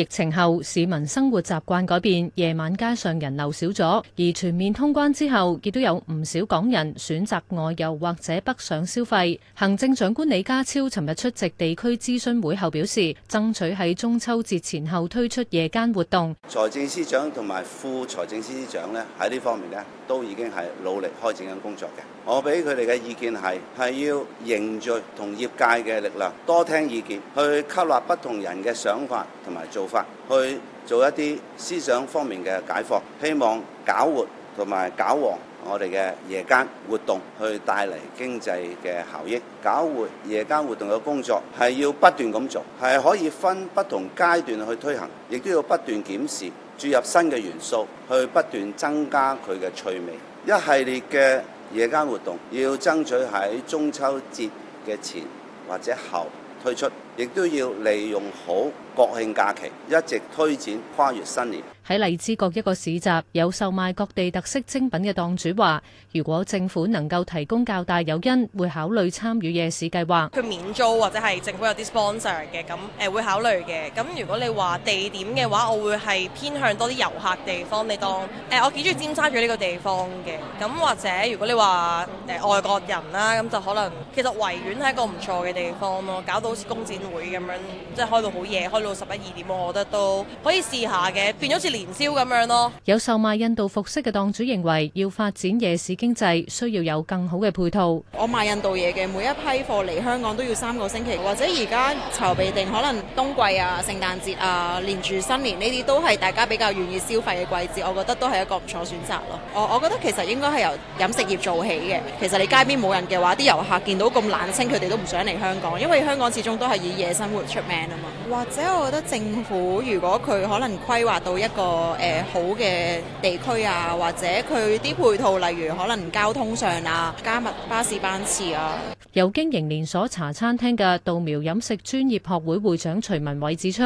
疫情後，市民生活習慣改變，夜晚街上人流少咗。而全面通關之後，亦都有唔少港人選擇外遊或者北上消費。行政長官李家超尋日出席地區諮詢會後表示，爭取喺中秋節前後推出夜間活動。財政司長同埋副財政司司長呢，喺呢方面呢，都已經係努力開展緊工作嘅。我給佢哋嘅意見係係要凝聚同業界嘅力量，多聽意見，去吸納不同人嘅想法同埋做法，去做一啲思想方面嘅解放。希望搞活同埋搞旺我哋嘅夜間活動，去帶嚟經濟嘅效益。搞活夜間活動嘅工作係要不斷咁做，係可以分不同階段去推行，亦都要不斷檢視，注入新嘅元素，去不斷增加佢嘅趣味。一系列嘅。夜間活動要爭取喺中秋節嘅前或者後推出。亦都要利用好國慶假期，一直推展跨越新年。喺荔枝角一個市集有售賣各地特色精品嘅檔主話，如果政府能夠提供較大誘因，會考慮參與夜市計劃，佢免租或者係政府有啲 sponsor 嘅，咁誒、呃、會考慮嘅。咁如果你話地點嘅話，我會係偏向多啲遊客地方。你當誒、呃、我幾中意尖沙咀呢個地方嘅。咁或者如果你話誒、呃、外國人啦，咁就可能其實維園係一個唔錯嘅地方咯，搞到好似工展會咁樣，即係開到好夜，開到十一二點，我覺得都可以試下嘅，變咗似年宵咁樣咯。有售賣印度服飾嘅檔主認為，要發展夜市經濟，需要有更好嘅配套。我賣印度嘢嘅，每一批貨嚟香港都要三個星期，或者而家籌備定，可能冬季啊、聖誕節啊、連住新年呢啲都係大家比較願意消費嘅季節，我覺得都係一個唔錯選擇咯。我我覺得其實應該係由飲食業做起嘅。其實你街邊冇人嘅話，啲遊客見到咁冷清，佢哋都唔想嚟香港，因為香港始終都係以夜生活出名啊嘛，或者我覺得政府如果佢可能規劃到一個誒好嘅地區啊，或者佢啲配套，例如可能交通上啊，加密巴士班次啊。由經營連鎖茶餐廳嘅稻苗飲食專業學會會長徐文偉指出，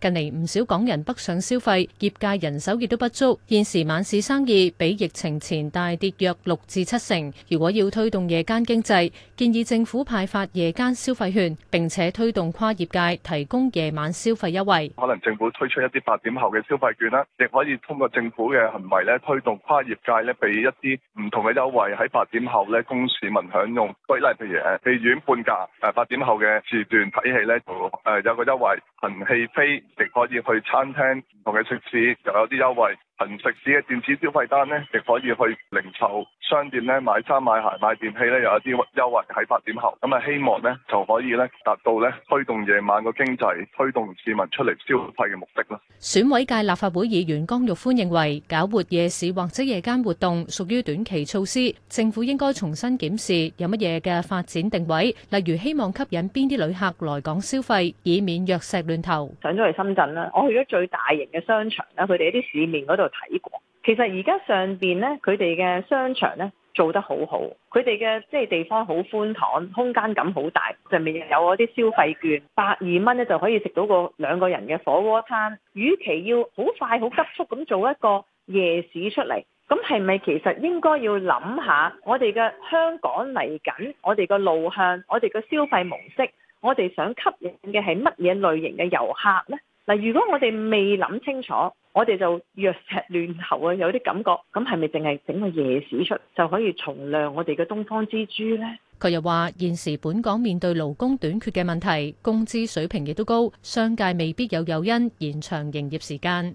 近嚟唔少港人北上消費，業界人手亦都不足，現時晚市生意比疫情前大跌約六至七成。如果要推動夜間經濟，建議政府派發夜間消費券，並且推動，跨業界提供夜晚消費優惠，可能政府推出一啲八點後嘅消費券啦，亦可以通過政府嘅行為咧推動跨業界咧俾一啲唔同嘅優惠喺八點後咧供市民享用。舉例譬如誒戲院半價，誒八點後嘅時段睇戲咧就誒有個優惠；憑戲飛亦可以去餐廳唔同嘅食肆，又有啲優惠；憑食肆嘅電子消費單咧亦可以去零售。商店咧買衫買鞋買電器咧有一啲優惠喺八點後，咁啊希望咧就可以咧達到咧推動夜晚個經濟，推動市民出嚟消費嘅目的啦。選委界立法會議員江玉歡認為，搞活夜市或者夜間活動屬於短期措施，政府應該重新檢視有乜嘢嘅發展定位，例如希望吸引邊啲旅客來港消費，以免藥石亂投。上咗嚟深圳啦，我去咗最大型嘅商場啦，佢哋喺啲市面嗰度睇過。其實而家上邊呢，佢哋嘅商場呢，做得好好，佢哋嘅即係地方好寬敞，空間感好大，上面有嗰啲消費券，百二蚊呢就可以食到個兩個人嘅火鍋餐。與其要好快好急速咁做一個夜市出嚟，咁係咪其實應該要諗下我哋嘅香港嚟緊，我哋個路向，我哋個消費模式，我哋想吸引嘅係乜嘢類型嘅遊客呢？嗱，如果我哋未諗清楚，我哋就藥石亂投啊，有啲感覺，咁係咪淨係整個夜市出就可以重亮我哋嘅東方之珠呢？佢又話，現時本港面對勞工短缺嘅問題，工資水平亦都高，商界未必有誘因延長營業時間。